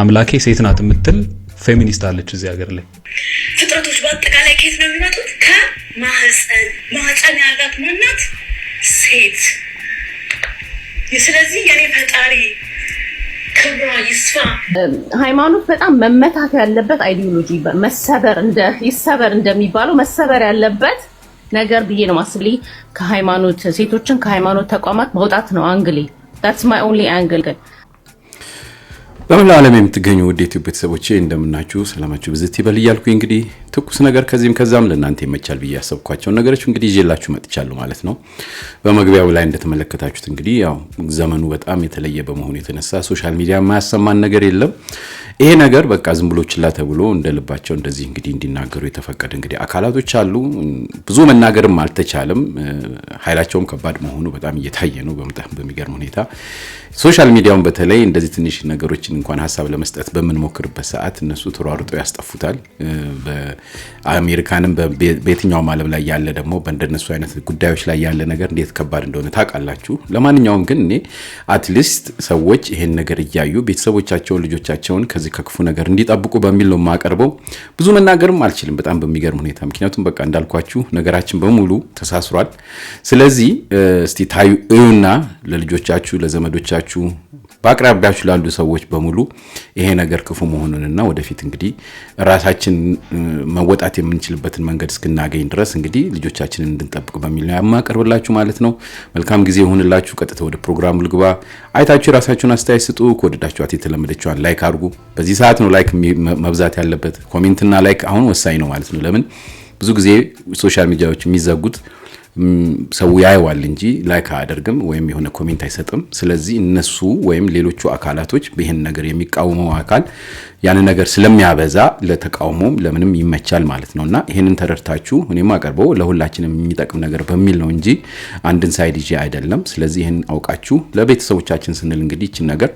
አምላኬ ሴት ናት የምትል ፌሚኒስት አለች እዚህ ሀገር ላይ። ፍጥረቶች በአጠቃላይ ከየት ነው የሚመጡት? ከማህፀን። ማህፀን ያላት ማናት? ሴት። ስለዚህ የኔ ፈጣሪ ይስፋ። ሃይማኖት በጣም መመታት ያለበት አይዲዮሎጂ መሰበር ይሰበር እንደሚባለው መሰበር ያለበት ነገር ብዬ ነው ማስሌ ከሃይማኖት ሴቶችን ከሃይማኖት ተቋማት መውጣት ነው አንግሌ። ታትስ ማይ ኦንሊ አንግል ግን በመላው ዓለም የምትገኙ ውድ ዩቲዩብ ቤተሰቦቼ እንደምናችሁ ሰላማችሁ ብዝት ይበል እያልኩ እንግዲህ ትኩስ ነገር ከዚህም ከዛም ለእናንተ ይመቻል ብዬ ያሰብኳቸውን ነገሮች እንግዲህ ይዤላችሁ መጥቻለሁ ማለት ነው። በመግቢያው ላይ እንደተመለከታችሁት እንግዲህ ያው ዘመኑ በጣም የተለየ በመሆኑ የተነሳ ሶሻል ሚዲያ የማያሰማን ነገር የለም። ይሄ ነገር በቃ ዝም ብሎ ችላ ተብሎ እንደ ልባቸው እንደዚህ እንግዲህ እንዲናገሩ የተፈቀደ እንግዲህ አካላቶች አሉ። ብዙ መናገርም አልተቻለም። ኃይላቸውም ከባድ መሆኑ በጣም እየታየ ነው። በጣም በሚገርም ሁኔታ ሶሻል ሚዲያውን በተለይ እንደዚህ ትንሽ ነገሮችን እንኳን ሀሳብ ለመስጠት በምንሞክርበት ሰዓት እነሱ ተሯርጠው ያስጠፉታል። በአሜሪካንም በየትኛውም ዓለም ላይ ያለ ደግሞ በእንደነሱ አይነት ጉዳዮች ላይ ያለ ነገር እንዴት ከባድ እንደሆነ ታውቃላችሁ። ለማንኛውም ግን እኔ አትሊስት ሰዎች ይሄን ነገር እያዩ ቤተሰቦቻቸውን ልጆቻቸውን ከዚህ ከዚህ ከክፉ ነገር እንዲጠብቁ በሚል ነው የማቀርበው። ብዙ መናገርም አልችልም በጣም በሚገርም ሁኔታ፣ ምክንያቱም በቃ እንዳልኳችሁ ነገራችን በሙሉ ተሳስሯል። ስለዚህ እስቲ ታዩ እዩና ለልጆቻችሁ ለዘመዶቻችሁ በአቅራቢያችሁ ላሉ ሰዎች በሙሉ ይሄ ነገር ክፉ መሆኑንና ወደፊት እንግዲህ ራሳችን መወጣት የምንችልበትን መንገድ እስክናገኝ ድረስ እንግዲህ ልጆቻችንን እንድንጠብቅ በሚል ነው ያማቀርብላችሁ ማለት ነው። መልካም ጊዜ ይሁንላችሁ። ቀጥታ ወደ ፕሮግራሙ ልግባ። አይታችሁ የራሳችሁን አስተያየት ስጡ። ከወደዳችኋት የተለመደችዋን ላይክ አድርጉ። በዚህ ሰዓት ነው ላይክ መብዛት ያለበት። ኮሜንትና ላይክ አሁን ወሳኝ ነው ማለት ነው። ለምን ብዙ ጊዜ ሶሻል ሚዲያዎች የሚዘጉት ሰው ያየዋል እንጂ ላይክ አያደርግም ወይም የሆነ ኮሜንት አይሰጥም። ስለዚህ እነሱ ወይም ሌሎቹ አካላቶች ይህን ነገር የሚቃወመው አካል ያን ነገር ስለሚያበዛ ለተቃውሞም ለምንም ይመቻል ማለት ነው እና ይህንን ተረድታችሁ እኔም አቀርበው ለሁላችንም የሚጠቅም ነገር በሚል ነው እንጂ አንድን ሳይድ ይዤ አይደለም። ስለዚህ ይህን አውቃችሁ ለቤተሰቦቻችን ስንል እንግዲህ ይችን ነገር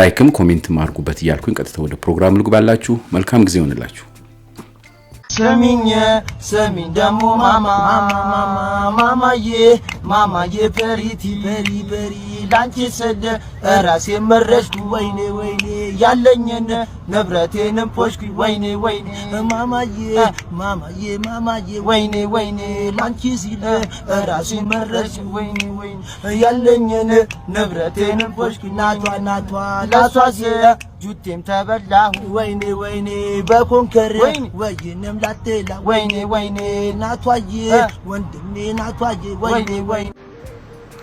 ላይክም ኮሜንትም አድርጉበት እያልኩኝ ቀጥታ ወደ ፕሮግራም ልግባላችሁ። መልካም ጊዜ ይሆንላችሁ። ስሚኝ ስሚኝ ደግሞ ማማ ማማዬ ማማዬ ፐሪቲ በሪ በሪ ላንቺ ሰደ ራሴ መረሽኩ ወይኔ ወይኔ ያለኝን ንብረቴንም ፖሽኩ ወይኔ ወይኔ ማማዬ ማማዬ ማማዬ ወይኔ ወይኔ ላንቺ ሲል ራሴ መረሽኩ ወይኔ ወይኔ ያለኝን ንብረቴንም ፖሽኩ ናቷ ናቷ ላሷሴ ጁቴም ተበላሁ ወይኔ ወይኔ በኮንከር ወይንም ላቴላ ወይኔ ወይኔ ናቷዬ ወንድሜ ናቷዬ ወይኔ ወይኔ።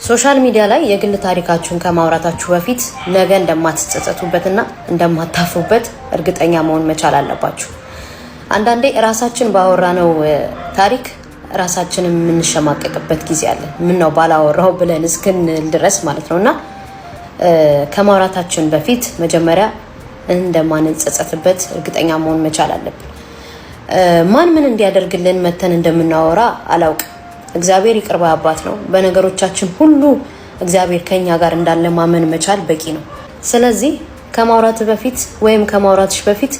ሶሻል ሚዲያ ላይ የግል ታሪካችሁን ከማውራታችሁ በፊት ነገ እንደማትጸጸቱበትና እንደማታፍሩበት እርግጠኛ መሆን መቻል አለባችሁ። አንዳንዴ ራሳችን ባወራነው ታሪክ ራሳችን የምንሸማቀቅበት ጊዜ አለ። ምን ነው ባላወራው ብለን እስክንል ድረስ ማለት ነው እና ከማውራታችን በፊት መጀመሪያ እንደማንጸጸትበት እርግጠኛ መሆን መቻል አለብን። ማን ምን እንዲያደርግልን መተን እንደምናወራ አላውቅም። እግዚአብሔር ይቅር ባይ አባት ነው። በነገሮቻችን ሁሉ እግዚአብሔር ከኛ ጋር እንዳለ ማመን መቻል በቂ ነው። ስለዚህ ከማውራት በፊት ወይም ከማውራትሽ በፊት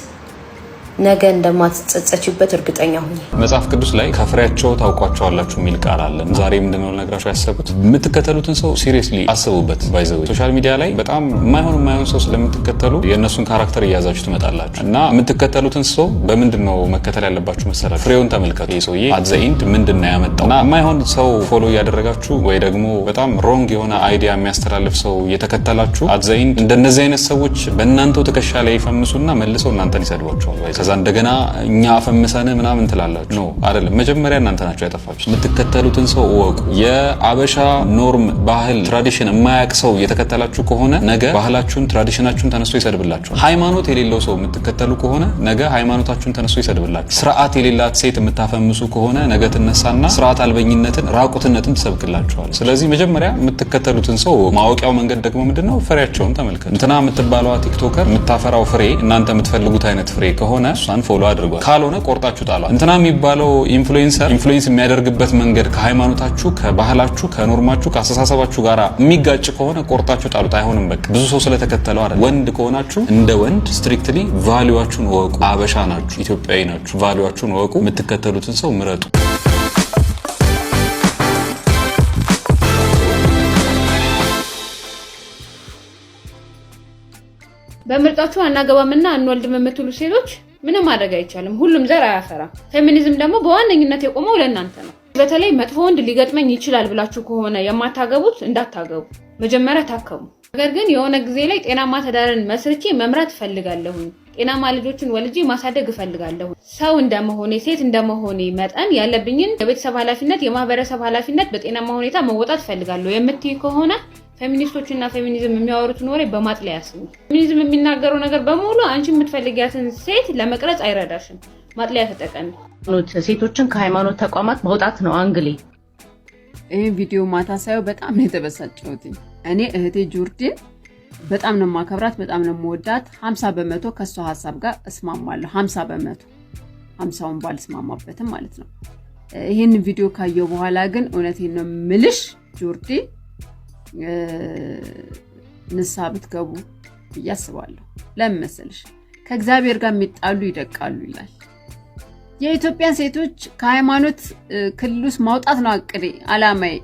ነገ እንደማትጸጸችበት እርግጠኛ ሁኝ። መጽሐፍ ቅዱስ ላይ ከፍሬያቸው ታውቋቸዋላችሁ የሚል ቃል አለ። ዛሬ ምንድነው ልነግራቸው ያሰቡት የምትከተሉትን ሰው ሲሪየስሊ አስቡበት። ባይዘ ሶሻል ሚዲያ ላይ በጣም የማይሆን የማይሆን ሰው ስለምትከተሉ የእነሱን ካራክተር እያያዛችሁ ትመጣላችሁ እና የምትከተሉትን ሰው በምንድን ነው መከተል ያለባችሁ መሰላችሁ? ፍሬውን ተመልከቱ። ይህ ሰውዬ አት ዘ ኢንድ ምንድን ነው ያመጣው? እና የማይሆን ሰው ፎሎ እያደረጋችሁ ወይ ደግሞ በጣም ሮንግ የሆነ አይዲያ የሚያስተላልፍ ሰው እየተከተላችሁ አት ዘ ኢንድ እንደነዚህ አይነት ሰዎች በእናንተው ትከሻ ላይ ይፈምሱና መልሰው እናንተን ይሰድቧቸዋል። ከዛ እንደገና እኛ አፈምሰን ምናምን ትላላችሁ። ኖ አይደለም፣ መጀመሪያ እናንተ ናቸው ያጠፋችሁ። የምትከተሉትን ሰው እወቁ። የአበሻ ኖርም፣ ባህል፣ ትራዲሽን የማያቅ ሰው እየተከተላችሁ ከሆነ ነገ ባህላችሁን፣ ትራዲሽናችሁን ተነስቶ ይሰድብላችኋል። ሃይማኖት የሌለው ሰው የምትከተሉ ከሆነ ነገ ሃይማኖታችሁን ተነስቶ ይሰድብላችሁ። ስርዓት የሌላት ሴት የምታፈምሱ ከሆነ ነገ ትነሳና ስርዓት አልበኝነትን፣ ራቁትነትን ትሰብክላችኋል። ስለዚህ መጀመሪያ የምትከተሉትን ሰው ማወቂያው መንገድ ደግሞ ምንድነው? ፍሬያቸውን ተመልከቱ። እንትና የምትባለዋ ቲክቶከር የምታፈራው ፍሬ እናንተ የምትፈልጉት አይነት ፍሬ ከሆነ እሷን ፎሎ አድርጓል። ካልሆነ ቆርጣችሁ ጣሏል። እንትና የሚባለው ኢንፍሉዌንሰር ኢንፍሉዌንስ የሚያደርግበት መንገድ ከሃይማኖታችሁ፣ ከባህላችሁ፣ ከኖርማችሁ፣ ከአስተሳሰባችሁ ጋር የሚጋጭ ከሆነ ቆርጣችሁ ጣሉት። አይሆንም በቃ ብዙ ሰው ስለተከተለው አይደል። ወንድ ከሆናችሁ እንደ ወንድ ስትሪክትሊ ቫሊዋችሁን ወቁ። አበሻ ናችሁ፣ ኢትዮጵያዊ ናችሁ፣ ቫሊዋችሁን ወቁ። የምትከተሉትን ሰው ምረጡ። በምርጫችሁ አናገባምና አንወልድም የምትሉ ሴቶች ምንም ማድረግ አይቻልም። ሁሉም ዘር አያፈራም። ፌሚኒዝም ደግሞ በዋነኝነት የቆመው ለእናንተ ነው። በተለይ መጥፎ ወንድ ሊገጥመኝ ይችላል ብላችሁ ከሆነ የማታገቡት እንዳታገቡ፣ መጀመሪያ ታከሙ። ነገር ግን የሆነ ጊዜ ላይ ጤናማ ትዳርን መስርቼ መምራት እፈልጋለሁኝ፣ ጤናማ ልጆችን ወልጄ ማሳደግ እፈልጋለሁ። ሰው እንደመሆኔ ሴት እንደመሆኔ መጠን ያለብኝን የቤተሰብ ኃላፊነት፣ የማህበረሰብ ኃላፊነት በጤናማ ሁኔታ መወጣት እፈልጋለሁ የምትይ ከሆነ ፌሚኒስቶች እና ፌሚኒዝም የሚያወሩትን ወሬ በማጥለያ ስሙ። ፌሚኒዝም የሚናገረው ነገር በሙሉ አንቺ የምትፈልጊያትን ሴት ለመቅረጽ አይረዳሽም። ማጥለያ ተጠቀሚ። ሴቶችን ከሃይማኖት ተቋማት መውጣት ነው አንግሌ። ይህ ቪዲዮ ማታ ሳየው በጣም ነው የተበሳጨሁት። እኔ እህቴ ጆርዲን በጣም ነው ማከብራት፣ በጣም ነው መወዳት። ሀምሳ በመቶ ከእሷ ሀሳብ ጋር እስማማለሁ። ሀምሳ በመቶ ሀምሳውን ባልስማማበትም ማለት ነው። ይህን ቪዲዮ ካየው በኋላ ግን እውነቴን ነው ምልሽ ጆርዲ ንስሐ ብትገቡ ብዬ አስባለሁ። ለምን መሰለሽ? ከእግዚአብሔር ጋር የሚጣሉ ይደቃሉ ይላል። የኢትዮጵያን ሴቶች ከሃይማኖት ክልል ውስጥ ማውጣት ነው አቅዴ አላማዬ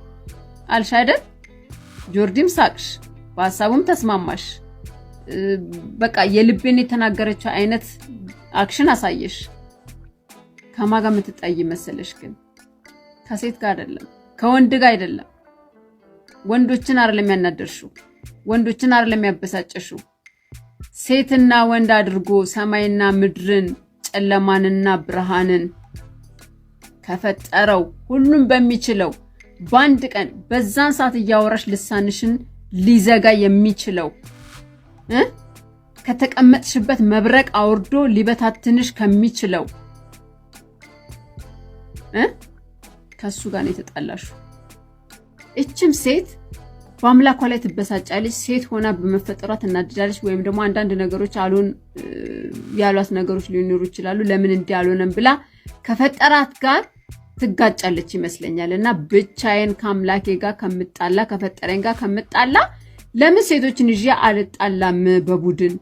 አልሽ አይደል? ጆርዲም ሳቅሽ፣ በሀሳቡም ተስማማሽ። በቃ የልቤን የተናገረችው አይነት አክሽን አሳየሽ። ከማን ጋር የምትጣይ መሰለሽ? ግን ከሴት ጋር አይደለም፣ ከወንድ ጋር አይደለም ወንዶችን አይደለም ያናደርሽው፣ ወንዶችን አይደለም ያበሳጨሽው። ሴትና ወንድ አድርጎ ሰማይና ምድርን ጨለማንና ብርሃንን ከፈጠረው ሁሉም በሚችለው በአንድ ቀን በዛን ሰዓት እያወራሽ ልሳንሽን ሊዘጋ የሚችለው እ ከተቀመጥሽበት መብረቅ አውርዶ ሊበታትንሽ ከሚችለው እ ከሱ ጋር ነው የተጣላሽው። እችም ሴት በአምላኳ ላይ ትበሳጫለች። ሴት ሆና በመፈጠሯ ትናደዳለች። ወይም ደግሞ አንዳንድ ነገሮች አሉን ያሏት ነገሮች ሊኖሩ ይችላሉ። ለምን እንዲህ አልሆነም ብላ ከፈጠራት ጋር ትጋጫለች ይመስለኛል። እና ብቻዬን ከአምላኬ ጋር ከምጣላ ከፈጠረኝ ጋር ከምጣላ ለምን ሴቶችን ይዤ አልጣላም በቡድን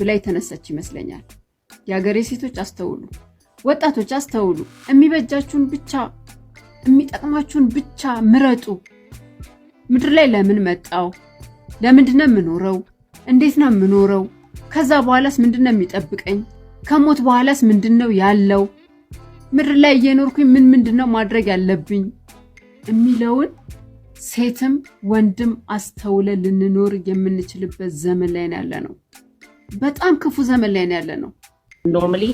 ብላ የተነሳች ይመስለኛል። የሀገሬ ሴቶች አስተውሉ፣ ወጣቶች አስተውሉ። የሚበጃችሁን ብቻ የሚጠቅማችሁን ብቻ ምረጡ። ምድር ላይ ለምን መጣው? ለምንድን ነው የምኖረው? እንዴት ነው የምኖረው? ከዛ በኋላስ ምንድን ነው የሚጠብቀኝ? ከሞት በኋላስ ምንድን ነው ያለው? ምድር ላይ እየኖርኩኝ ምን ምንድን ነው ማድረግ ያለብኝ የሚለውን ሴትም ወንድም አስተውለ ልንኖር የምንችልበት ዘመን ላይ ያለ ነው። በጣም ክፉ ዘመን ላይ ያለ ነው። ኖርማሊ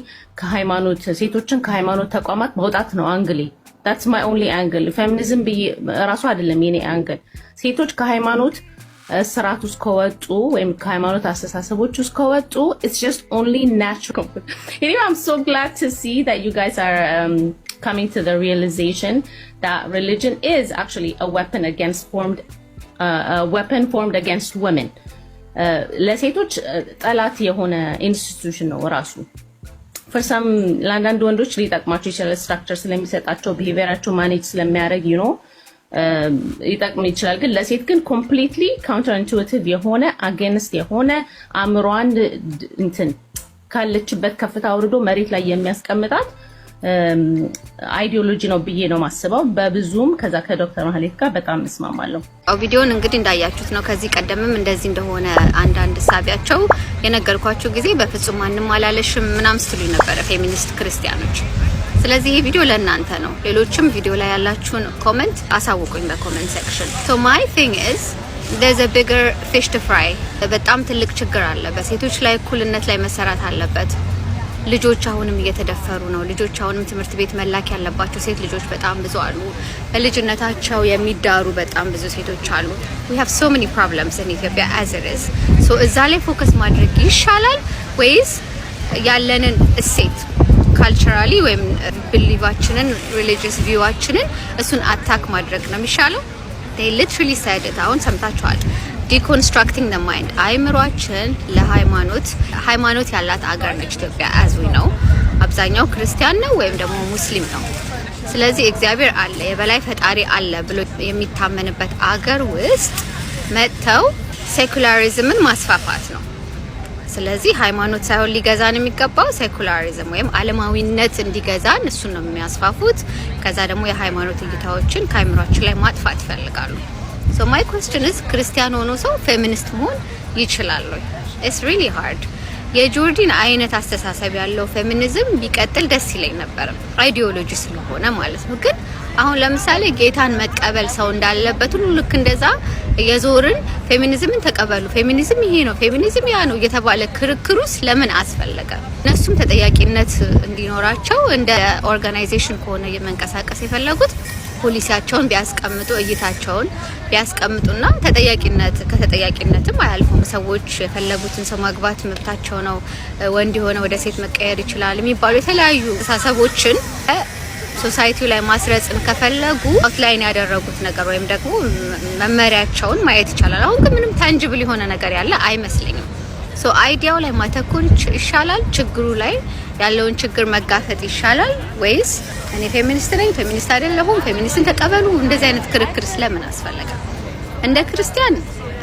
ከሃይማኖት ሴቶችን ከሃይማኖት ተቋማት መውጣት ነው አንግሌ ዳትስ ማይ ኦንሊ አንግል ፌሚኒዝም ብዬ ራሱ አይደለም የኔ አንግል። ሴቶች ከሃይማኖት ስርዓት ውስጥ ከወጡ ወይም ከሃይማኖት አስተሳሰቦች ውስጥ ከወጡ ኢትስ ጀስት ኦንሊ ናቹራል። ኤኒዌይ አም ሶ ግላድ ቱ ሲ ዳት ዩ ጋይስ አር coming to the realization that religion is actually a weapon against formed uh, a weapon formed against women ለሴቶች ጠላት የሆነ ኢንስቲትዩሽን ነው ራሱ ፈርሳም ለአንዳንድ ወንዶች ሊጠቅማቸው ይችላል። ስትራክቸር ስለሚሰጣቸው ቢሄቪራቸው ማኔጅ ስለሚያደርግ ይኖ ሊጠቅም ይችላል። ግን ለሴት ግን ኮምፕሊትሊ ካውንተር ኢንቱዊቲቭ የሆነ አጌንስት የሆነ አእምሯን እንትን ካለችበት ከፍታ አውርዶ መሬት ላይ የሚያስቀምጣት አይዲዮሎጂ ነው ብዬ ነው ማስበው። በብዙም ከዛ ከዶክተር ማህሌት ጋር በጣም እስማማለሁ። ቪዲዮን እንግዲህ እንዳያችሁት ነው። ከዚህ ቀደምም እንደዚህ እንደሆነ አንዳንድ ሳቢያቸው የነገርኳችሁ ጊዜ በፍጹም ማንም አላለሽም ምናም ስትሉ ነበረ ፌሚኒስት ክርስቲያኖች። ስለዚህ ይህ ቪዲዮ ለእናንተ ነው። ሌሎችም ቪዲዮ ላይ ያላችሁን ኮመንት አሳውቁኝ በኮመንት ሴክሽን። ሶ ማይ ቲንግ ኢዝ there's a bigger fish to fry በጣም ትልቅ ችግር አለ። በሴቶች ላይ እኩልነት ላይ መሰራት አለበት። ልጆች አሁንም እየተደፈሩ ነው። ልጆች አሁንም ትምህርት ቤት መላክ ያለባቸው ሴት ልጆች በጣም ብዙ አሉ። በልጅነታቸው የሚዳሩ በጣም ብዙ ሴቶች አሉ። we have so many problems in Ethiopia as it is so እዛ ላይ ፎከስ ማድረግ ይሻላል ወይስ ያለንን እሴት ካልቸራሊ ወይም ብሊቫችንን ሪሊጂየስ ቪዋችንን እሱን አታክ ማድረግ ነው የሚሻለው? they literally said it አሁን ሰምታችኋል። ዲኮንስትራክቲንግ ደ ማይንድ አይምሯችን ለሃይማኖት ሃይማኖት ያላት አገር ነች ኢትዮጵያ። ዊ ነው አብዛኛው ክርስቲያን ነው ወይም ደግሞ ሙስሊም ነው። ስለዚህ እግዚአብሔር አለ የበላይ ፈጣሪ አለ ብሎ የሚታመንበት አገር ውስጥ መጥተው ሴኩላሪዝምን ማስፋፋት ነው። ስለዚህ ሃይማኖት ሳይሆን ሊገዛን የሚገባው ሴኩላሪዝም ወይም አለማዊነት እንዲገዛን እሱን ነው የሚያስፋፉት። ከዛ ደግሞ የሃይማኖት እይታዎችን ከአይምሯችን ላይ ማጥፋት ይፈልጋሉ። ሶ ማይ ኮስችን ኢዝ ክርስቲያን ሆኖ ሰው ፌሚኒስት መሆን ይችላል ወይ? ኢትስ ሪሊ ሃርድ። የጆርዲን አይነት አስተሳሰብ ያለው ፌሚኒዝም ቢቀጥል ደስ ይለኝ ነበር፣ አይዲዮሎጂ ስለሆነ ማለት ነው። ግን አሁን ለምሳሌ ጌታን መቀበል ሰው እንዳለበት ሁሉ ልክ እንደዛ የዞርን ፌሚኒዝምን ተቀበሉ፣ ፌሚኒዝም ይሄ ነው፣ ፌሚኒዝም ያ ነው እየተባለ ክርክሩስ ለምን አስፈለገ? እነሱም ተጠያቂነት እንዲኖራቸው እንደ ኦርጋናይዜሽን ከሆነ የመንቀሳቀስ የፈለጉት ፖሊሲያቸውን ቢያስቀምጡ እይታቸውን ቢያስቀምጡና ተጠያቂነት ከተጠያቂነትም አያልፉም። ሰዎች የፈለጉትን ሰው ማግባት መብታቸው ነው። ወንድ የሆነ ወደ ሴት መቀየር ይችላል የሚባሉ የተለያዩ አስተሳሰቦችን ሶሳይቲው ላይ ማስረጽን ከፈለጉ አውትላይን ያደረጉት ነገር ወይም ደግሞ መመሪያቸውን ማየት ይቻላል። አሁን ግን ምንም ታንጅብል የሆነ ነገር ያለ አይመስለኝም። ሶ አይዲያው ላይ ማተኮር ይሻላል ችግሩ ላይ ያለውን ችግር መጋፈጥ ይሻላል ወይስ እኔ ፌሚኒስት ነኝ፣ ፌሚኒስት አይደለሁም፣ ፌሚኒስትን ተቀበሉ፣ እንደዚህ አይነት ክርክር ስለምን አስፈለገ? እንደ ክርስቲያን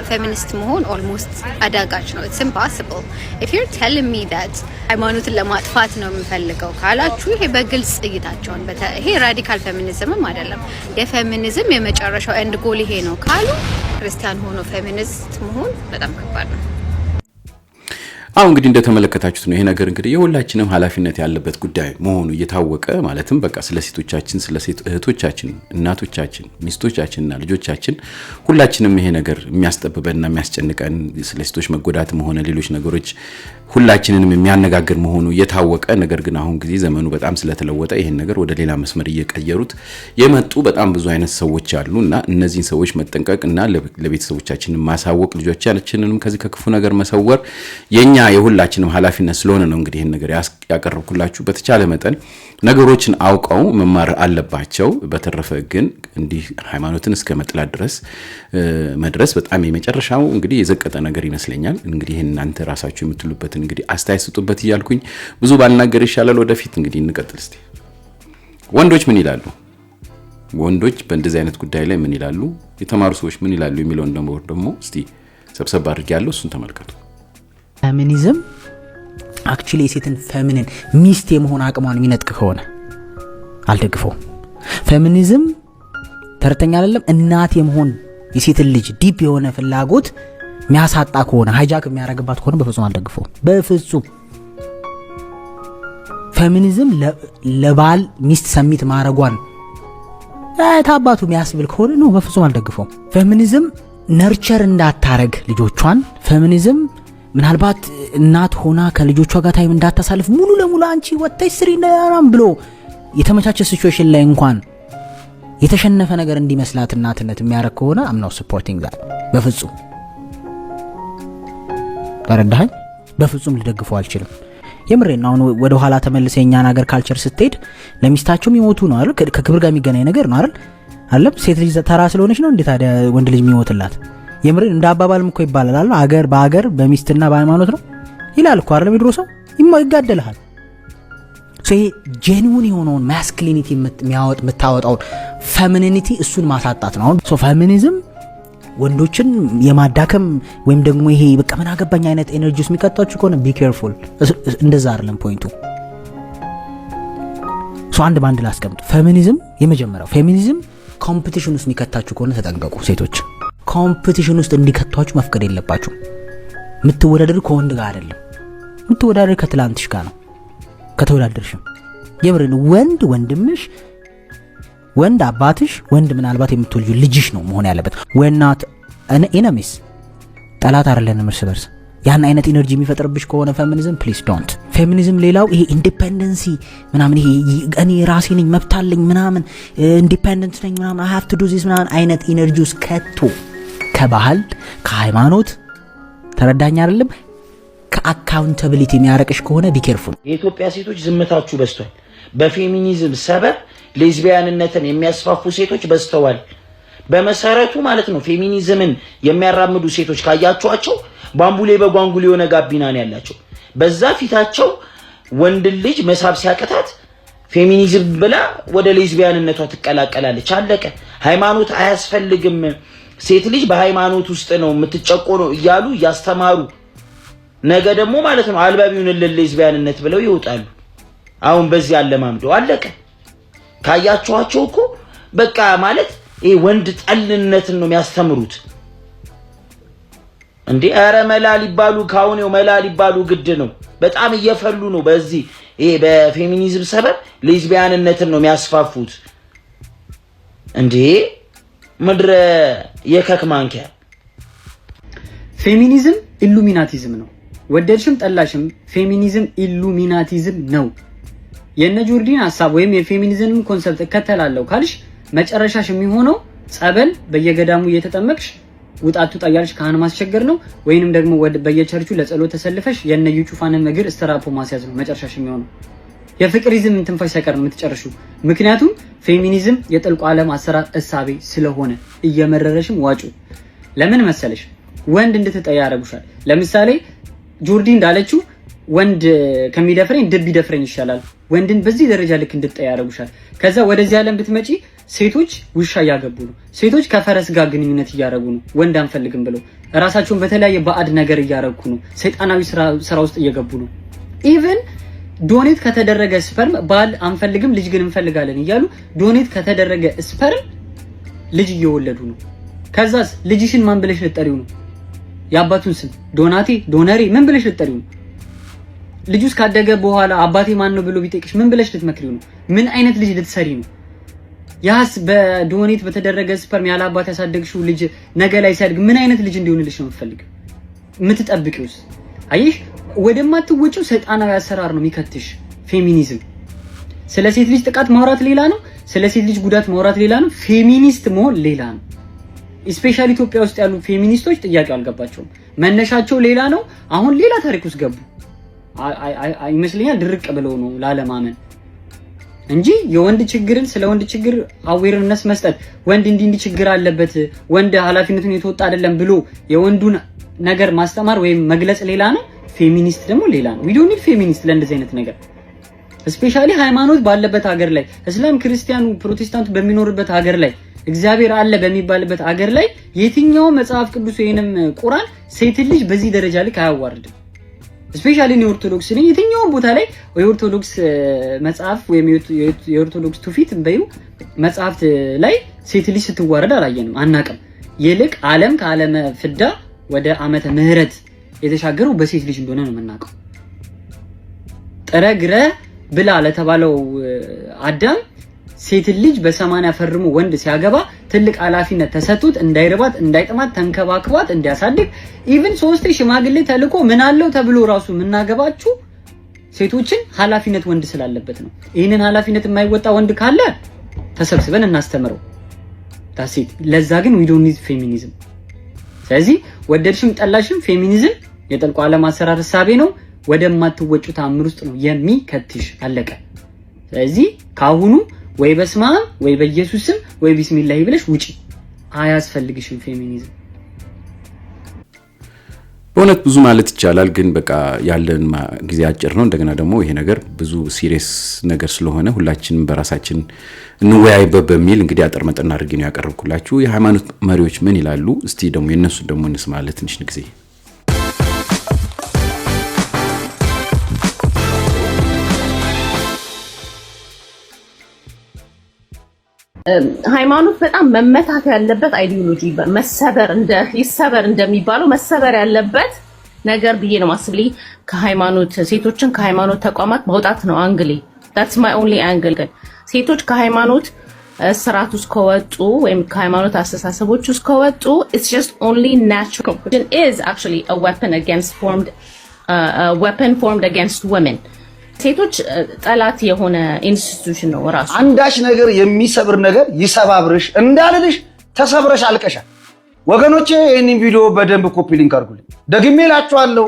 ፌሚኒስት መሆን ኦልሞስት አዳጋች ነው። ኢትስ ኢምፖሲብል ኢፍ ዩር ቴሊንግ ሚ ዳት ሃይማኖትን ለማጥፋት ነው የምፈልገው ካላችሁ ይሄ በግልጽ እይታቸውን ይሄ ራዲካል ፌሚኒዝምም አይደለም። የፌሚኒዝም የመጨረሻው ኤንድ ጎል ይሄ ነው ካሉ ክርስቲያን ሆኖ ፌሚኒስት መሆን በጣም ከባድ ነው። አሁን እንግዲህ እንደተመለከታችሁት ነው። ይሄ ነገር እንግዲህ የሁላችንም ኃላፊነት ያለበት ጉዳይ መሆኑ እየታወቀ ማለትም በቃ ስለ ሴቶቻችን ስለ ሴት እህቶቻችን፣ እናቶቻችን፣ ሚስቶቻችንና ልጆቻችን ሁላችንም ይሄ ነገር የሚያስጠብበንና የሚያስጨንቀን ስለ ሴቶች መጎዳትም ሆነ ሌሎች ነገሮች ሁላችንንም የሚያነጋግር መሆኑ የታወቀ ነገር ግን አሁን ጊዜ ዘመኑ በጣም ስለተለወጠ ይህን ነገር ወደ ሌላ መስመር እየቀየሩት የመጡ በጣም ብዙ አይነት ሰዎች አሉ እና እነዚህን ሰዎች መጠንቀቅ እና ለቤተሰቦቻችንን ማሳወቅ ልጆቻችንንም ከዚህ ከክፉ ነገር መሰወር የኛ የሁላችንም ኃላፊነት ስለሆነ ነው እንግዲህ ይህን ነገር ያቀረብኩላችሁ። በተቻለ መጠን ነገሮችን አውቀው መማር አለባቸው። በተረፈ ግን እንዲህ ሃይማኖትን እስከ መጥላት ድረስ መድረስ በጣም የመጨረሻው እንግዲህ የዘቀጠ ነገር ይመስለኛል። እንግዲህ እናንተ ራሳችሁ የምትሉበት እንግዲህ አስተያየት ስጡበት እያልኩኝ ብዙ ባልናገር ይሻላል። ወደፊት እንግዲህ እንቀጥል እስቲ። ወንዶች ምን ይላሉ? ወንዶች በእንደዚህ አይነት ጉዳይ ላይ ምን ይላሉ? የተማሩ ሰዎች ምን ይላሉ? የሚለውን ደግሞ ደግሞ እስቲ ሰብሰብ አድርጌ ያለው እሱን ተመልከቱ። ፌሚኒዝም አክቹሊ የሴትን ፌሚኒን ሚስት የመሆን አቅሟን የሚነጥቅ ከሆነ አልደግፈውም። ፌሚኒዝም ተረተኛ አይደለም እናት የመሆን የሴትን ልጅ ዲፕ የሆነ ፍላጎት የሚያሳጣ ከሆነ ሃይጃክ የሚያደርግባት ከሆነ በፍጹም አልደግፈውም። በፍጹም ፌሚኒዝም ለባል ሚስት ሰሚት ማድረጓን ታባቱ የሚያስብል ከሆነ ነው በፍጹም አልደግፈውም። ፌሚኒዝም ነርቸር እንዳታረግ ልጆቿን፣ ፌሚኒዝም ምናልባት እናት ሆና ከልጆቿ ጋር ታይም እንዳታሳልፍ ሙሉ ለሙሉ አንቺ ወጥተሽ ስሪ ናም ብሎ የተመቻቸ ሲቹዌሽን ላይ እንኳን የተሸነፈ ነገር እንዲመስላት እናትነት የሚያደርግ ከሆነ አምናው ስፖርቲንግ በፍጹም ተረዳኸኝ? በፍጹም ልደግፈው አልችልም። የምሬን አሁን ወደ ኋላ ተመልሰ የእኛን ሀገር ካልቸር ስትሄድ ለሚስታቸው የሚሞቱ ነው አይደል? ከክብር ጋር የሚገናኝ ነገር ነው አይደል? አለም ሴት ልጅ ተራ ስለሆነች ነው እንዴ ታዲያ ወንድ ልጅ የሚሞትላት? የምሬን እንደ አባባልም እኮ ይባላል አለ አገር በአገር በሚስትና በሃይማኖት ነው ይላል እኮ አይደለም? የድሮ ሰው ይጋደልሃል። ይሄ ጄኒውን የሆነውን ማስክሊኒቲ የምታወጣውን ፌሚኒቲ እሱን ማሳጣት ነው አሁን ሶ ፌሚኒዝም ወንዶችን የማዳከም ወይም ደግሞ ይሄ በቃ ምን አገባኝ አይነት ኤነርጂ ውስጥ የሚቀጣችሁ ከሆነ ቢ ኬርፉል። እንደዛ አይደለም ፖይንቱ። አንድ በአንድ ላስቀምጡ። ፌሚኒዝም የመጀመሪያው ፌሚኒዝም ኮምፒቲሽን ውስጥ የሚከታችሁ ከሆነ ተጠንቀቁ። ሴቶች ኮምፒቲሽን ውስጥ እንዲከቷችሁ መፍቀድ የለባችሁም። የምትወዳደር ከወንድ ጋር አይደለም፣ የምትወዳደር ከትላንትሽ ጋር ነው። ከተወዳደርሽም የምርን ወንድ ወንድምሽ ወንድ አባትሽ፣ ወንድ ምናልባት የምትወልጂው ልጅሽ ነው መሆን ያለበት። ወናት ኢነሚስ ጠላት አይደለንም እርስ በርስ ያን አይነት ኢነርጂ የሚፈጥርብሽ ከሆነ ፌሚኒዝም ፕሊስ ዶንት። ፌሚኒዝም ሌላው ይሄ ኢንዲፐንደንሲ ምናምን ይሄ እኔ ራሴ ነኝ መብታለኝ ምናምን ኢንዲፐንደንት ነኝ ምናምን አይ ሃቭ ቱ ዱ ዚስ ምናምን አይነት ኢነርጂ ውስጥ ከቶ ከባህል ከሃይማኖት ተረዳኝ አይደለም ከአካውንታብሊቲ የሚያረቅሽ ከሆነ ቢኬርፉል። የኢትዮጵያ ሴቶች ዝምታችሁ በዝቷል። በፌሚኒዝም ሰበብ ሌዝቢያንነትን የሚያስፋፉ ሴቶች በዝተዋል። በመሰረቱ ማለት ነው ፌሚኒዝምን የሚያራምዱ ሴቶች ካያችኋቸው ባምቡሌ በጓንጉል የሆነ ጋቢና ነው ያላቸው። በዛ ፊታቸው ወንድ ልጅ መሳብ ሲያቅታት ፌሚኒዝም ብላ ወደ ሌዝቢያንነቷ ትቀላቀላለች። አለቀ። ሃይማኖት አያስፈልግም፣ ሴት ልጅ በሃይማኖት ውስጥ ነው የምትጨቆ ነው እያሉ እያስተማሩ ነገ ደግሞ ማለት ነው አልባቢውን ሌዝቢያንነት ብለው ይወጣሉ። አሁን በዚህ አለማምደው አለቀ። ካያችኋቸው እኮ በቃ ማለት ይሄ ወንድ ጠልነትን ነው የሚያስተምሩት እንዴ! ኧረ መላ ሊባሉ ካሁን መላ ሊባሉ ግድ ነው። በጣም እየፈሉ ነው። በዚህ ይሄ በፌሚኒዝም ሰበብ ሌዝቢያንነትን ነው የሚያስፋፉት። እንዴ ምድረ የከክ ማንኪያ ፌሚኒዝም ኢሉሚናቲዝም ነው። ወደድሽም ጠላሽም ፌሚኒዝም ኢሉሚናቲዝም ነው። የነ ጆርዲን ሀሳብ ወይም የፌሚኒዝም ኮንሰፕት እከተላለሁ ካልሽ መጨረሻሽ የሚሆነው ጸበል በየገዳሙ እየተጠመቅሽ ውጣቱ ጣያልሽ ካህን ማስቸገር ነው፣ ወይንም ደግሞ በየቸርቹ ለጸሎት ተሰልፈሽ የነ ዩጩፋንን እግር እስተራፖ ማስያዝ ነው መጨረሻሽ የሚሆነው። የፍቅሪዝም ትንፋሽ ሳይቀር የምትጨርሹ። ምክንያቱም ፌሚኒዝም የጥልቁ ዓለም አሰራር እሳቤ ስለሆነ እየመረረሽም ዋጩ። ለምን መሰለሽ ወንድ እንድትጠያ ያደርጉሻል። ለምሳሌ ጆርዲ እንዳለችው ወንድ ከሚደፍረኝ ድብ ይደፍረኝ ይሻላል ወንድን በዚህ ደረጃ ልክ እንድጠይ ያደርጉሻል። ከዛ ወደዚህ ዓለም ብትመጪ ሴቶች ውሻ እያገቡ ነው፣ ሴቶች ከፈረስ ጋር ግንኙነት እያደረጉ ነው፣ ወንድ አንፈልግም ብለው ራሳቸውን በተለያየ ባዕድ ነገር እያደረጉ ነው፣ ሰይጣናዊ ስራ ውስጥ እየገቡ ነው። ኢቨን ዶኔት ከተደረገ ስፐርም ባል አንፈልግም ልጅ ግን እንፈልጋለን እያሉ ዶኔት ከተደረገ ስፐርም ልጅ እየወለዱ ነው። ከዛስ ልጅሽን ማን ብለሽ ልጠሪው ነው? የአባቱን ስም ዶናቴ ዶነሬ ምን ብለሽ ልጠሪው ነው? ውስጥ ካደገ በኋላ አባቴ ማን ነው ብሎ ቢጠይቅሽ ምን ብለሽ ልትመክሪው ነው? ምን አይነት ልጅ ልትሰሪ ነው? ያስ በዶኔት በተደረገ ስፐርም ያለ አባት ያሳደግሽው ልጅ ነገ ላይ ሲያድግ ምን አይነት ልጅ እንዲሆንልሽ ነው የምትፈልጊው? የምትጠብቂውስ? አይሽ ወደማትወጪው ሰይጣናዊ አሰራር ነው የሚከትሽ ፌሚኒዝም። ስለ ሴት ልጅ ጥቃት ማውራት ሌላ ነው፣ ስለ ሴት ልጅ ጉዳት ማውራት ሌላ ነው፣ ፌሚኒስት መሆን ሌላ ነው። ስፔሻሊ ኢትዮጵያ ውስጥ ያሉ ፌሚኒስቶች ጥያቄው አልገባቸውም። መነሻቸው ሌላ ነው። አሁን ሌላ ታሪክ ውስጥ ገቡ። ይመስለኛል ድርቅ ብለው ነው ላለማመን እንጂ የወንድ ችግርን ስለ ወንድ ችግር አዌርነስ መስጠት ወንድ እንዲህ እንዲህ ችግር አለበት ወንድ ኃላፊነቱን የተወጣ አይደለም ብሎ የወንዱን ነገር ማስተማር ወይም መግለጽ ሌላ ነው። ፌሚኒስት ደግሞ ሌላ ነው። ቪዲዮ ኒድ ፌሚኒስት ለእንደዚህ አይነት ነገር ስፔሻሊ ሃይማኖት ባለበት ሀገር ላይ እስላም፣ ክርስቲያኑ፣ ፕሮቴስታንቱ በሚኖርበት ሀገር ላይ እግዚአብሔር አለ በሚባልበት ሀገር ላይ የትኛው መጽሐፍ ቅዱስ ወይንም ቁርአን ሴትን ልጅ በዚህ ደረጃ ልክ አያዋርድም። ስፔሻሊ የኦርቶዶክስ ነኝ። የትኛውም ቦታ ላይ የኦርቶዶክስ uh, መጽሐፍ ወይም የኦርቶዶክስ ትውፊት በዩ መጽሐፍት ላይ ሴት ልጅ ስትዋረድ አላየንም አናቅም። ይልቅ ዓለም ከዓለመ ፍዳ ወደ ዓመተ ምሕረት የተሻገረው በሴት ልጅ እንደሆነ ነው የምናውቀው። ጥረግረ ብላ ለተባለው uh, አዳም ሴትን ልጅ በሰማንያ ፈርሞ ወንድ ሲያገባ ትልቅ ኃላፊነት ተሰጥቶት እንዳይርባት እንዳይጥማት ተንከባክባት እንዲያሳድግ ኢቭን ሶስት ሽማግሌ ተልኮ ምን አለው ተብሎ ራሱ የምናገባችሁ ሴቶችን ኃላፊነት ወንድ ስላለበት ነው። ይህንን ኃላፊነት የማይወጣ ወንድ ካለ ተሰብስበን እናስተምረው ዳሴት። ለዛ ግን ዊ ዶንት ኒድ ፌሚኒዝም። ስለዚህ ወደድሽም ጠላሽም ፌሚኒዝም የጠልቆ ዓለም አሰራር ህሳቤ ነው። ወደማትወጩ ታምር ውስጥ ነው የሚከትሽ። አለቀ። ስለዚህ ከአሁኑ ወይ በስመ አብ ወይ በኢየሱስ ስም ወይ ቢስሚላሂ ብለሽ ውጪ፣ አያስፈልግሽም ፌሚኒዝም። በእውነት ብዙ ማለት ይቻላል፣ ግን በቃ ያለን ጊዜ አጭር ነው። እንደገና ደግሞ ይሄ ነገር ብዙ ሲሪየስ ነገር ስለሆነ ሁላችንም በራሳችን እንወያይበት በሚል እንግዲህ አጠር መጠን አድርጌ ነው ያቀረብኩላችሁ። የሃይማኖት መሪዎች ምን ይላሉ? እስቲ ደግሞ የእነሱን ደግሞ እንስማ ለትንሽ ጊዜ ሃይማኖት በጣም መመታት ያለበት አይዲዮሎጂ መሰበር እንደ ይሰበር እንደሚባለው መሰበር ያለበት ነገር ብዬ ነው ማስብ። ከሃይማኖት ሴቶችን ከሃይማኖት ተቋማት ማውጣት ነው አንግሌ። ታትስ ማይ ኦንሊ አንግል። ግን ሴቶች ከሃይማኖት ስርዓት ውስጥ ከወጡ ወይም ከሃይማኖት አስተሳሰቦች ውስጥ ከወጡ ኢትስ ጀስት ኦንሊ ናቹራል ኢዝ አክቹዋሊ አ ዌፐን ፎርምድ አገንስት ወመን ሴቶች ጠላት የሆነ ኢንስቲትዩሽን ነው ራሱ። አንዳች ነገር የሚሰብር ነገር ይሰባብርሽ እንዳልልሽ ተሰብረሽ አልቀሻል። ወገኖቼ ይህንን ቪዲዮ በደንብ ኮፒ ሊንክ አድርጉልኝ፣ ደግሜ እላችኋለሁ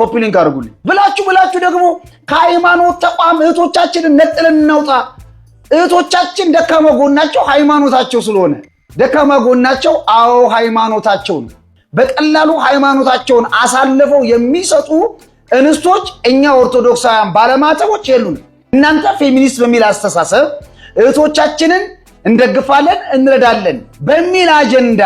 ኮፒ ሊንክ አድርጉልኝ ብላችሁ ብላችሁ ደግሞ ከሃይማኖት ተቋም እህቶቻችንን ነጥለን እናውጣ። እህቶቻችን ደካማ ጎናቸው ሃይማኖታቸው ስለሆነ ደካማ ጎናቸው አዎ ሃይማኖታቸው ነው። በቀላሉ ሃይማኖታቸውን አሳልፈው የሚሰጡ እንስቶች እኛ ኦርቶዶክሳውያን ባለማተቦች የሉን። እናንተ ፌሚኒስት በሚል አስተሳሰብ እህቶቻችንን እንደግፋለን፣ እንረዳለን በሚል አጀንዳ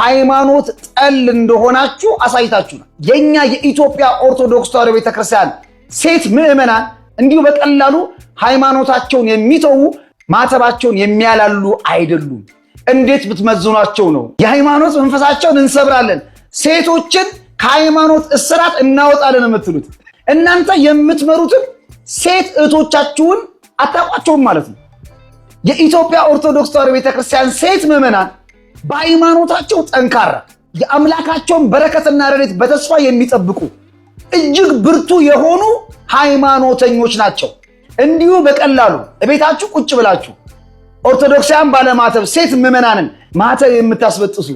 ሃይማኖት ጠል እንደሆናችሁ አሳይታችሁ የእኛ የኢትዮጵያ ኦርቶዶክስ ተዋሕዶ ቤተክርስቲያን ሴት ምዕመናን እንዲሁ በቀላሉ ሃይማኖታቸውን የሚተዉ ማተባቸውን የሚያላሉ አይደሉም። እንዴት ብትመዝኗቸው ነው? የሃይማኖት መንፈሳቸውን እንሰብራለን ሴቶችን ከሃይማኖት እስራት እናወጣለን የምትሉት እናንተ የምትመሩትን ሴት እህቶቻችሁን አታውቋቸውም ማለት ነው። የኢትዮጵያ ኦርቶዶክስ ተዋሕዶ ቤተክርስቲያን ሴት ምዕመናን በሃይማኖታቸው ጠንካራ የአምላካቸውን በረከትና ረድኤት በተስፋ የሚጠብቁ እጅግ ብርቱ የሆኑ ሃይማኖተኞች ናቸው። እንዲሁ በቀላሉ እቤታችሁ ቁጭ ብላችሁ ኦርቶዶክሳውያን ባለማተብ ሴት ምዕመናንን ማተብ የምታስበጥሱ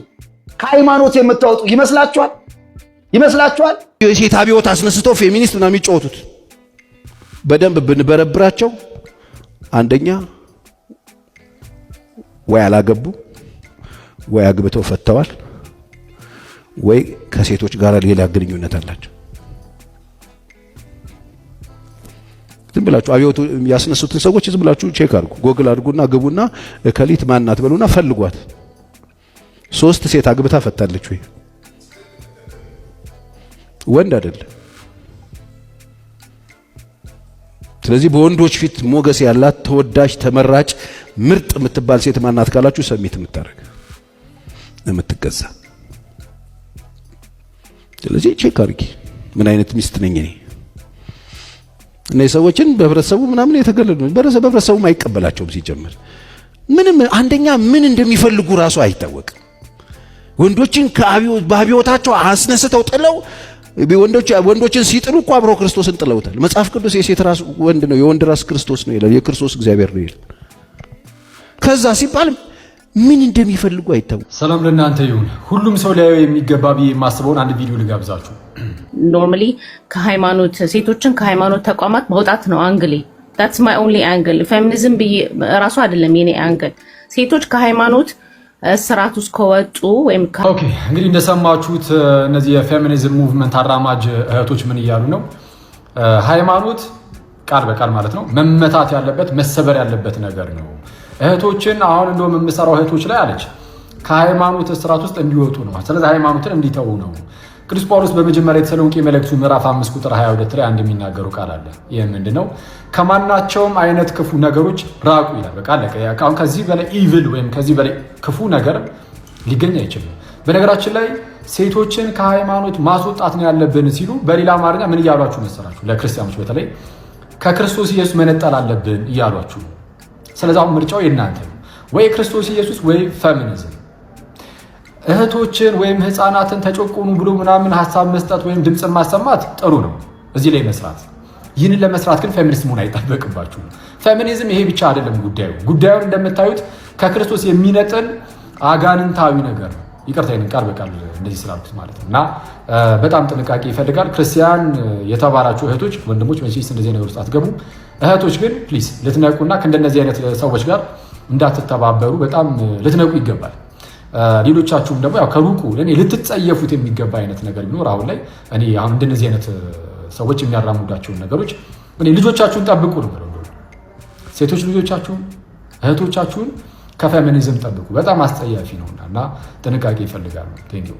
ከሃይማኖት የምታወጡ ይመስላችኋል? ይመስላችኋል? የሴት አብዮት አስነስተው ፌሚኒስት ነው የሚጫወቱት በደንብ ብንበረብራቸው አንደኛ ወይ አላገቡ ወይ አግብተው ፈተዋል ወይ ከሴቶች ጋር ሌላ ግንኙነት አላቸው። ዝም ብላችሁ አብዮቱ ያስነሱትን ሰዎች ዝም ብላችሁ ቼክ አድርጉ፣ ጎግል አድርጉና ግቡና ከሊት ማናት በሉና ፈልጓት። ሶስት ሴት አግብታ ፈታለች ወይ ወንድ አይደለም። ስለዚህ በወንዶች ፊት ሞገስ ያላት ተወዳጅ፣ ተመራጭ፣ ምርጥ የምትባል ሴት ማናት ካላችሁ ሰሚት የምታደርግ የምትገዛ። ስለዚህ ቼክ አድርጊ፣ ምን አይነት ሚስት ነኝ እኔ። እነዚህ ሰዎችን በህብረተሰቡ ምናምን የተገለሉ በህብረተሰቡም አይቀበላቸውም ሲጀምር ምንም አንደኛ ምን እንደሚፈልጉ ራሱ አይታወቅም። ወንዶችን በአብዮታቸው አስነስተው ጥለው ወንዶችን ሲጥሉ እኮ አብረው ክርስቶስን ጥለውታል። መጽሐፍ ቅዱስ የሴት ራስ ወንድ ነው፣ የወንድ ራስ ክርስቶስ ነው ይላል። የክርስቶስ እግዚአብሔር ነው ይላል። ከዛ ሲባል ምን እንደሚፈልጉ አይታወቅ። ሰላም ለእናንተ ይሁን። ሁሉም ሰው ሊያየው የሚገባ ብዬ የማስበውን አንድ ቪዲዮ ልጋብዛችሁ። ኖርማሊ ከሃይማኖት ሴቶችን ከሃይማኖት ተቋማት ማውጣት ነው አንግሌ። ዳትስ ማይ ኦንሊ አንግል። ፌሚኒዝም ብዬ ራሱ አይደለም የኔ አንግል። ሴቶች ከሃይማኖት ስርዓት ውስጥ ከወጡ ወይም እንግዲህ እንደሰማችሁት እነዚህ የፌሚኒዝም ሙቭመንት አራማጅ እህቶች ምን እያሉ ነው? ሃይማኖት ቃል በቃል ማለት ነው መመታት ያለበት መሰበር ያለበት ነገር ነው። እህቶችን አሁን እንደውም የምሰራው እህቶች ላይ አለች ከሃይማኖት ስርዓት ውስጥ እንዲወጡ ነው። ስለዚህ ሃይማኖትን እንዲተዉ ነው ቅዱስ ጳውሎስ በመጀመሪያ የተሰሎንቄ መልእክቱ ምዕራፍ 5 ቁጥር 22 ላይ አንድ የሚናገሩ ቃል አለ። ይህ ምንድን ነው? ከማናቸውም አይነት ክፉ ነገሮች ራቁ ይላል። በቃ አለቀ። አሁን ከዚህ በላይ ኢቪል ወይም ከዚህ በላይ ክፉ ነገር ሊገኝ አይችልም። በነገራችን ላይ ሴቶችን ከሃይማኖት ማስወጣት ነው ያለብን ሲሉ በሌላ አማርኛ ምን እያሏችሁ መሰራችሁ? ለክርስቲያኖች በተለይ ከክርስቶስ ኢየሱስ መነጠል አለብን እያሏችሁ። ስለዚ ምርጫው የእናንተ ነው። ወይ ክርስቶስ ኢየሱስ ወይ ፌሚኒዝም እህቶችን ወይም ህፃናትን ተጨቁኑ ብሎ ምናምን ሀሳብ መስጠት ወይም ድምፅ ማሰማት ጥሩ ነው፣ እዚህ ላይ መስራት። ይህንን ለመስራት ግን ፌሚኒስት መሆን አይጠበቅባችሁም። ፌሚኒዝም ይሄ ብቻ አይደለም ጉዳዩ። ጉዳዩን እንደምታዩት ከክርስቶስ የሚነጥል አጋንንታዊ ነገር ነው። ይቅርታ ቃል በቃል እንደዚህ ስላሉት ማለት ነው እና በጣም ጥንቃቄ ይፈልጋል። ክርስቲያን የተባላችሁ እህቶች፣ ወንድሞች መቼስ እንደዚህ ነገር ውስጥ አትገቡ። እህቶች ግን ፕሊዝ ልትነቁና ከእንደነዚህ አይነት ሰዎች ጋር እንዳትተባበሩ በጣም ልትነቁ ይገባል። ሌሎቻችሁም ደግሞ ያው ከሩቁ ለእኔ ልትጸየፉት የሚገባ አይነት ነገር ቢኖር አሁን ላይ እኔ አሁን እንደነዚህ አይነት ሰዎች የሚያራምዷቸውን ነገሮች እኔ ልጆቻችሁን ጠብቁ ነው ብለው ሴቶች ልጆቻችሁን እህቶቻችሁን ከፌሚኒዝም ጠብቁ። በጣም አስጸያፊ ነውና እና ጥንቃቄ ይፈልጋሉ። ቴንኪው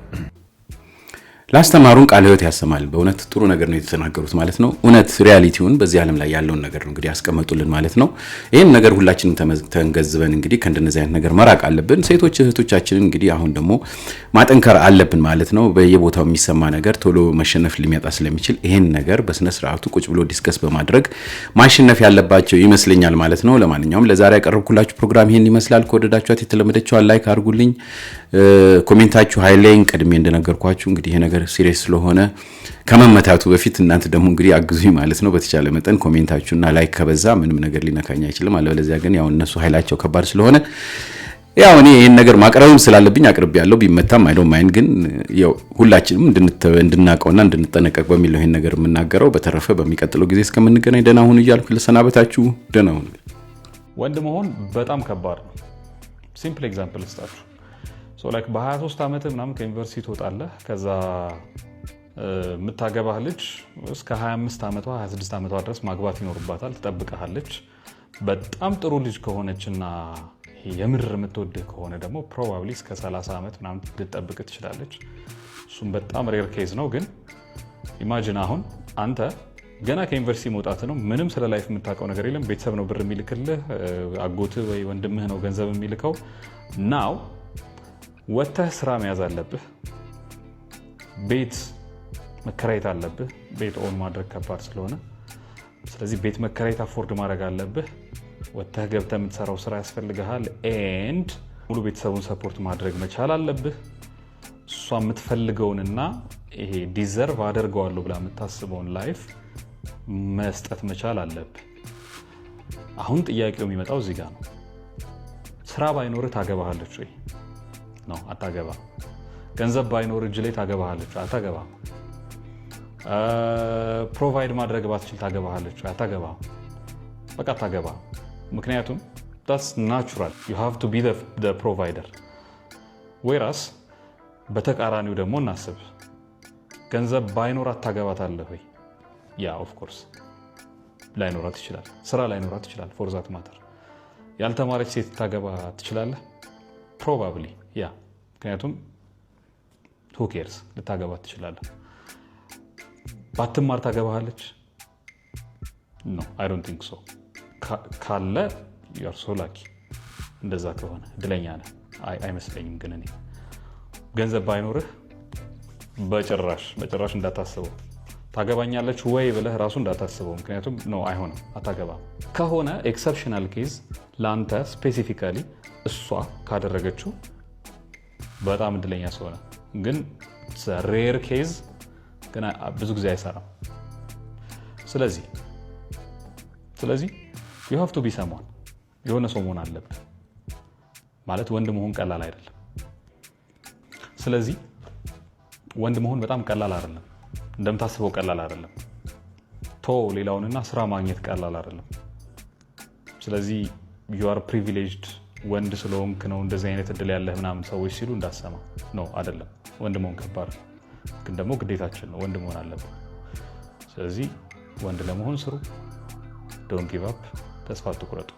ላስተማሩን ቃለ ሕይወት ያሰማል። በእውነት ጥሩ ነገር ነው የተናገሩት ማለት ነው። እውነት ሪያሊቲውን በዚህ ዓለም ላይ ያለውን ነገር ነው እንግዲህ ያስቀመጡልን ማለት ነው። ይህን ነገር ሁላችንም ተንገዝበን እንግዲህ ከእንደነዚህ አይነት ነገር መራቅ አለብን። ሴቶች እህቶቻችንን እንግዲህ አሁን ደግሞ ማጠንከር አለብን ማለት ነው። በየቦታው የሚሰማ ነገር ቶሎ መሸነፍ ሊመጣ ስለሚችል ይህን ነገር በስነ ስርዓቱ ቁጭ ብሎ ዲስከስ በማድረግ ማሸነፍ ያለባቸው ይመስለኛል ማለት ነው። ለማንኛውም ለዛሬ ያቀረብኩላችሁ ፕሮግራም ይህን ይመስላል። ከወደዳችኋት የተለመደችኋል ላይክ አድርጉልኝ፣ ኮሜንታችሁ ሀይላይን ቀድሜ እንደነገርኳችሁ እንግዲህ ይሄ ነገር ሲሪየስ ስለሆነ ከመመታቱ በፊት እናንተ ደግሞ እንግዲህ አግዙኝ ማለት ነው። በተቻለ መጠን ኮሜንታችሁና ላይክ ከበዛ ምንም ነገር ሊነካኝ አይችልም። አለበለዚያ ግን ያው እነሱ ኃይላቸው ከባድ ስለሆነ ያው እኔ ይህን ነገር ማቅረብም ስላለብኝ አቅርብ ያለው ቢመታም አይዶ ማይን ግን ሁላችንም እንድናውቀውና እንድንጠነቀቅ በሚል ይህን ነገር የምናገረው። በተረፈ በሚቀጥለው ጊዜ እስከምንገናኝ ደህና ሁኑ እያልኩ ልሰናበታችሁ። ደህና ሁኑ። ወንድ መሆን በጣም ከባድ ነው። ሲምፕል ኤግዛምፕል ስጣችሁ በ23 ዓመት ምናምን ከዩኒቨርሲቲ ትወጣለህ። ከዛ የምታገባህ ልጅ እስከ 25 ዓመቷ 26 ዓመቷ ድረስ ማግባት ይኖርባታል። ትጠብቀሃለች። በጣም ጥሩ ልጅ ከሆነችና የምር የምትወድህ ከሆነ ደግሞ ፕሮባብሊ እስከ 30 ዓመት ምናምን ልጠብቅ ትችላለች። እሱም በጣም ሬር ኬዝ ነው። ግን ኢማጂን አሁን አንተ ገና ከዩኒቨርሲቲ መውጣት ነው። ምንም ስለ ላይፍ የምታውቀው ነገር የለም። ቤተሰብ ነው ብር የሚልክልህ፣ አጎትህ ወይ ወንድምህ ነው ገንዘብ የሚልከው ናው ወጥተህ ስራ መያዝ አለብህ። ቤት መከራየት አለብህ። ቤት ኦን ማድረግ ከባድ ስለሆነ ስለዚህ ቤት መከራየት አፎርድ ማድረግ አለብህ። ወጥተህ ገብተህ የምትሰራው ስራ ያስፈልግሃል። ኤንድ ሙሉ ቤተሰቡን ሰፖርት ማድረግ መቻል አለብህ። እሷ የምትፈልገውንና ይሄ ዲዘርቭ አደርገዋለሁ ብላ የምታስበውን ላይፍ መስጠት መቻል አለብህ። አሁን ጥያቄው የሚመጣው እዚህ ጋ ነው። ስራ ባይኖርህ ታገባሃለች ወይ? ነው። አታገባ። ገንዘብ ባይኖር እጅ ላይ ታገባሃለች? አታገባ። ፕሮቫይድ ማድረግ ባትችል ታገባሃለች? አታገባ። በቃ አታገባ። ምክንያቱም ስ ናቹራል ዩ ሃቭ ቱ ቢ ፕሮቫይደር። ወይራስ በተቃራኒው ደግሞ እናስብ። ገንዘብ ባይኖራት ታገባታለህ ወይ? ያ ኦፍኮርስ ላይኖራት ይችላል። ስራ ላይኖራት ይችላል። ፎርዛት ማተር ያልተማረች ሴት ታገባ ትችላለህ? ፕሮባብሊ ያ ምክንያቱም ሁኬርስ ልታገባት ትችላለህ። ባትማር ታገባሃለች? ኖ አይ ዶንት ቲንክ ሶ። ካለ ዩአር ሶ ላኪ እንደዛ ከሆነ እድለኛ ነ አይመስለኝም። ግን እኔ ገንዘብ ባይኖርህ በጭራሽ በጭራሽ እንዳታስበው ታገባኛለች ወይ ብለህ ራሱ እንዳታስበው። ምክንያቱም ኖ አይሆንም፣ አታገባም። ከሆነ ኤክሰፕሽናል ኬዝ ለአንተ ስፔሲፊካሊ እሷ ካደረገችው በጣም እድለኛ ሰሆነ ግን ሬር ኬዝ ግን ብዙ ጊዜ አይሰራም። ስለዚህ ስለዚህ ዩ ሃቭ ቱ ቢ የሆነ ሰው መሆን አለብ ማለት ወንድ መሆን ቀላል አይደለም። ስለዚህ ወንድ መሆን በጣም ቀላል አይደለም፣ እንደምታስበው ቀላል አይደለም። ቶ ሌላውንና ስራ ማግኘት ቀላል አይደለም። ስለዚህ ዩ አር ፕሪቪሌጅድ ወንድ ስለሆንክ ነው እንደዚህ አይነት እድል ያለህ ምናምን ሰዎች ሲሉ እንዳሰማ ነው። አይደለም ወንድ መሆን ከባድ ነው፣ ግን ደግሞ ግዴታችን ነው። ወንድ መሆን አለብን። ስለዚህ ወንድ ለመሆን ስሩ። ዶንት ጊቭ አፕ። ተስፋ አትቁረጡ።